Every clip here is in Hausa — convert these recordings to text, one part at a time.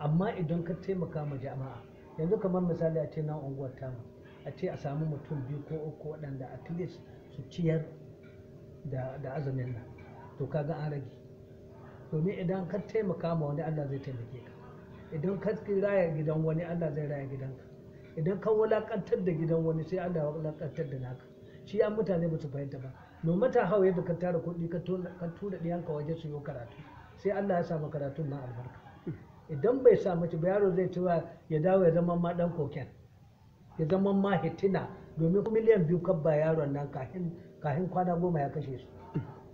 amma idan ka taimaka ma jama'a yanzu kamar misali a ce na unguwar tamu a ce a samu mutum biyu ko uku waɗanda at least su ciyar da azumin nan to kaga an rage domin idan ka taimaka ma wani Allah zai taimake ka idan ka raya gidan wani Allah zai raya gidanka idan ka wulaƙantar da gidan wani sai Allah ya da naka shi ya mutane ba su fahimta ba no mata hau yadda ka tara kuɗi ka tura ɗiyanka waje su yi karatu sai Allah ya samu karatun na albarka idan bai samu ci yaro zai ci ya dawo ya zama ma dan koken ya zama ma hitina domin miliyan biyu ba yaron nan kahin kwana goma ya kashe su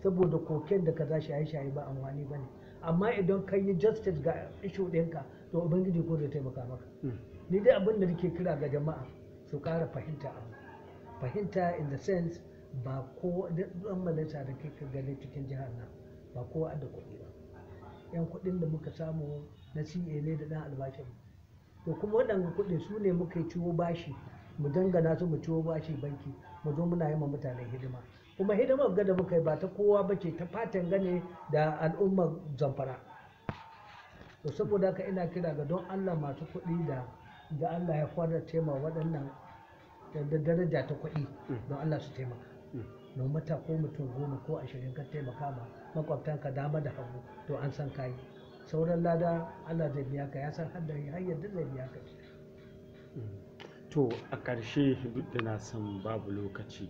saboda koken da ka za shaye shaye ba amfani bane amma idan ka yi justice ga ishu ɗinka to ubangiji ko zai taimaka maka ni dai abin da nake kira ga jama'a su ƙara fahimta abu fahimta in the sense ba ko dan majalisa da kai ka gani cikin jihar nan ba kowa da kuɗi ba 'yan kuɗin da muka samu na CA da ɗan albashin to kuma waɗannan kuɗi su ne muka ciwo bashi mu dangana su mu ciwo bashi banki mu zo muna yi ma mutane hidima kuma hidimar ga da muka yi ba ta kowa ba ce ta fatan gane da al'ummar zamfara to saboda haka ina kira ga don allah masu kuɗi da da allah ya kwanar taimaka waɗannan da daraja ta kuɗi don allah su taimaka mm. ta ko mutum goma ko ashirin ka taimaka ma makwabtanka dama da hagu to an san kayi sauran lada allah zai biya ka ya san haddari har yadda zai biya ka hmm. to a ƙarshe duk da na san babu lokaci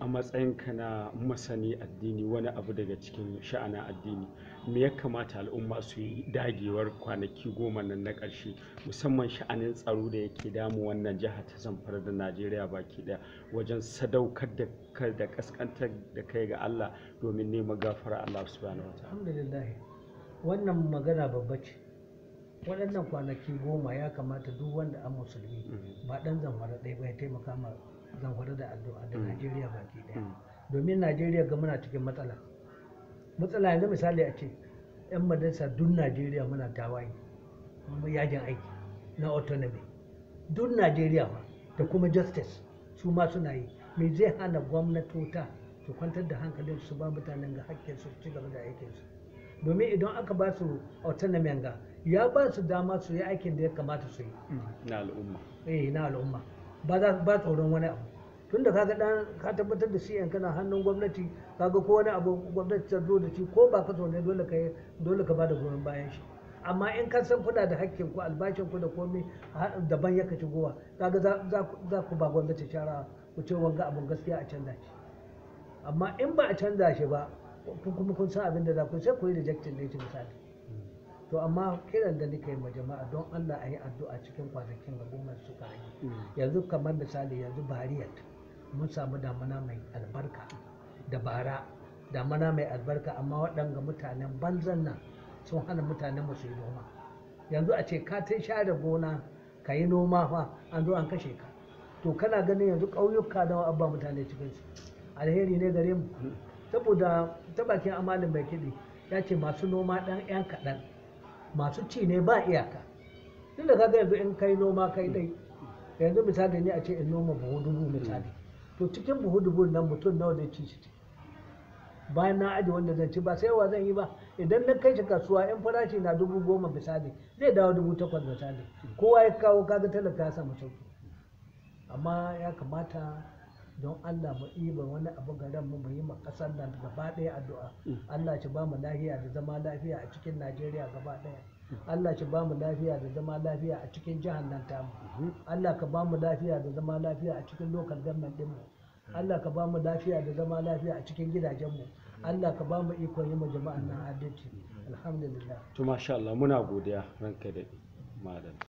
a matsayinka na masani addini wani abu daga cikin sha'anin addini me ya kamata al'umma su yi dagewar kwanaki goma nan na ƙarshe musamman sha'anin tsaro da yake damu wannan jiha ta zamfara da najeriya baki ɗaya wajen sadaukar da kai da kaskantar da kai ga allah domin nema gafara allah na wata alhamdulillah wannan magana babba ce waɗannan kwanaki goma ya kamata duk wanda an musulmi mm-hmm. ba ɗan zamfara ɗaya ba ya taimaka ma zamfara da addu'a da mm. najeriya baki daya mm. domin najeriya ga muna cikin matsala matsala yanzu misali a ce 'yan majalisa duk najeriya muna tawaye mu yajin aiki na autonomy duk najeriya ba da kuma justice su ma suna yi me zai hana gwamnati gwamnatota su kwantar da hankalin su ba mutanen ga hakkin su ci gaba da aikin su domin idan aka ba su autonomy ga ya ba su dama su yi aikin da ya kamata su yi mm. na al'umma eh na al'umma ba za ba tsoron wani abu tunda kaga dan ka tabbatar da shi yan kana hannun gwamnati kaga ko wani abu gwamnati ta zo da shi ko ba ka tsoron dole ka dole ka bada goyon bayan shi amma in ka san kuna da hakkin ku albashin ku da komai daban yaka shigowa kaga za ku ba gwamnati shara ku ce wanga abun gaskiya a canza shi amma in ba a canza shi ba kuma kun san abin da za ku sai ku yi rejectin ne misali to amma kiran da nake ma jama'a don Allah a yi addu'a cikin kwanakin da goma su yi mm. yanzu kamar misali yanzu bariyat mun samu damana mai albarka da bara damana mai albarka amma waɗanga mutanen banzan nan sun hana mutanen mu su yi noma yanzu a ce ka tun share gona ka yi noma fa an zo an kashe ka to kana ganin yanzu ƙauyuka da abba mutane cikin su alheri ne gare mu mm. saboda ta bakin amalin mai kiɗi ya ce masu noma ɗan 'yan kaɗan masu ci ne ba iyaka tun da kaga yanzu in kai noma kai dai yanzu misali ne a ce in noma buhu dubu misali to cikin buhu dubu nan mutum nawa zai ci shi bayan na aji wanda zan ci ba sai yawa zan yi ba idan na kai shi kasuwa in farashi na dubu goma misali zai dawo dubu takwas misali kowa ya kawo kaga talaka ya samu sauki amma ya kamata don Allah mu ɗiba wani abu ga ran mu yi ma ƙasar nan gaba ɗaya addu'a Allah ci ba mu lafiya da zama lafiya a cikin Najeriya gaba ɗaya Allah ci ba mu lafiya da zama lafiya a cikin jihar nan tamu Allah ka ba mu lafiya da zama lafiya a cikin lokal din mu. Allah ka ba mu lafiya da zama lafiya a cikin gidajen mu. Allah ka ba mu ikon yi ma jama'an nan adalci alhamdulillah to masha Allah muna godiya ranka da malam